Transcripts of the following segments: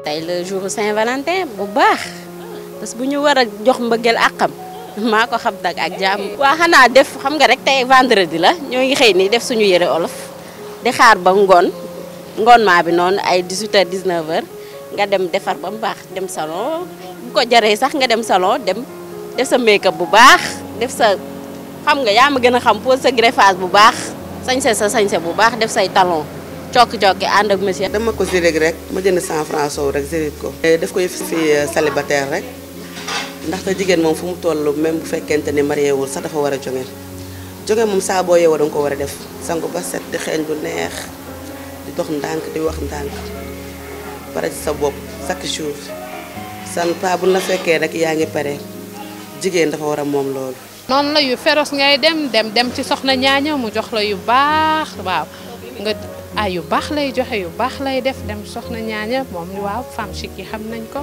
tey le jour Saint-Valentin bu baax parce que bu ñu war a jox mbëggeel àqam maa ko xam dag ak jàmm. waa xanaa def xam nga rek tey vendredi la ñoo ngi xëy nii def suñu yere olof di xaar ba ngoon ngoon maa bi noonu ay 18h 19h nga dem defar ba mu baax dem salon bu ko jaree sax nga dem salon dem def sa make bu baax def sa xam nga yaa ma gën a xam pose sa greffage bu baax sañse sa sañse bu baax def say talon. cokki-cokki ànd ak monsieur. dama ko zirig rek ma jënd 100 francs soow rek zirig ko. Eh, daf koy fi eh, célibataire rek ndaxte jigéen moom fu mu toll même bu fekkente ne marié wul sax dafa war a jóge jóge moom saa boo yeewoo da ko war a def sangu ba set di xeeñ bu neex di dox ndànk di wax ndànk pare ci sa bopp chaque jour san pa bu la fekkee rek yaa ngi pare jigéen dafa war a moom loolu. noonu la yu féroce ngay dem dem dem ci soxna ñaaña mu jox la yu baax ah yu baax lay joxe yu baax lay def dem soxna ñaaña moom waaw femme chic yi xam nañ ko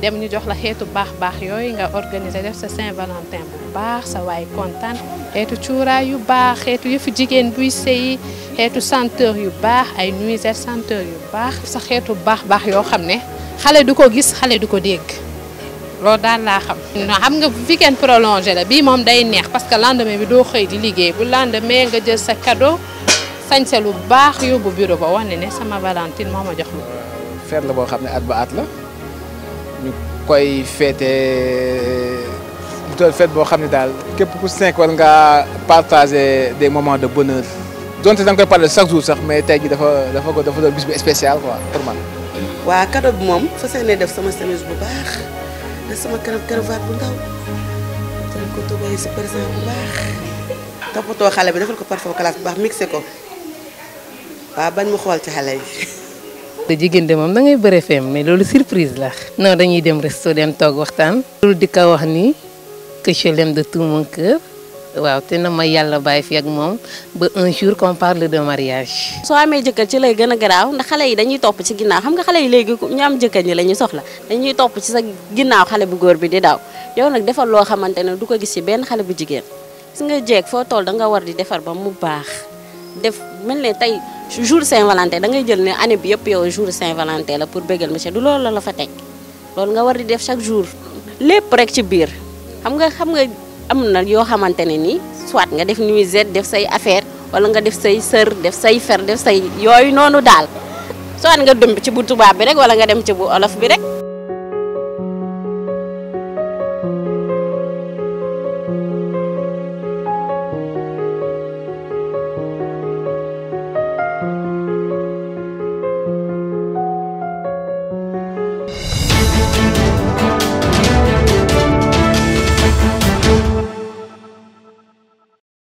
dem ñu jox la xeetu baax baax yooyu nga organiser def sa Saint-Valentin bu baax sa waay kontaan xeetu cuuraay yu baax xeetu yëfu jigéen buy sëyi xeetu centeur yu baax ay nuisette centeur yu baax sa xeetu baax baax yoo xam ne xale du ko gis xale du ko dégg loolu daal laa xam. non xam nga weekend prolongé la bii moom day neex parce que lendemain bi doo xëy di liggéey bu lendemain nga jël sa cadeau. sañse lu baax yóbbu bureau ba wane né, sama Valentine moo ma jox lu feet la boo xam ne at ba at la ñu koy feete bu doon feet boo xam képp ku cinq war nga partager des moments de bonheur donte da nga koy parler chaque jour sax mais tey ji dafa dafa ko dafa doon bis bu spécial quoi pour man waa cadeau bi moom fas yéene def sama chemise bu baax def sama karab cravate bu ndaw jël ko tubaay si président bu baax toppatoo xale bi defal ko parfum classe bu baax mixé ko waaw bañ mu xool ci xale yi. te jigéen de moom da ngay bëre feem mais loolu surprise la. non dañuy dem resto dem toog waxtaan. loolu di ko wax ni que je l'aime de tout mon waaw te na ma yàlla bàyyi fi ak moom ba un jour compare parle de mariage. soo amee jëkkër ci lay gën a garaaw ndax xale yi dañuy topp ci ginnaaw xam nga xale yi léegi ñu am jëkkër ñi la ñu soxla dañuy topp ci sa ginnaaw xale bu góor bi di daw yow nag defal loo xamante ne du ko gis ci benn xale bu jigéen gis nga jeeg foo toll da nga war di defar ba mu baax. def mel ne tey jour Saint-Valentin da ngay jël ne année bi yëpp yow jour Saint-Valentin la pour bégal monsieur du loolu la la fa teg loolu nga war di def chaque jour lépp rek ci biir xam nga xam nga am na yoo xamante ne nii soit nga def nuisette def say affaire wala nga def say sër def say fer def say yooyu noonu daal soit nga dem ci bu tubaab bi rek wala nga dem ci bu olof bi rek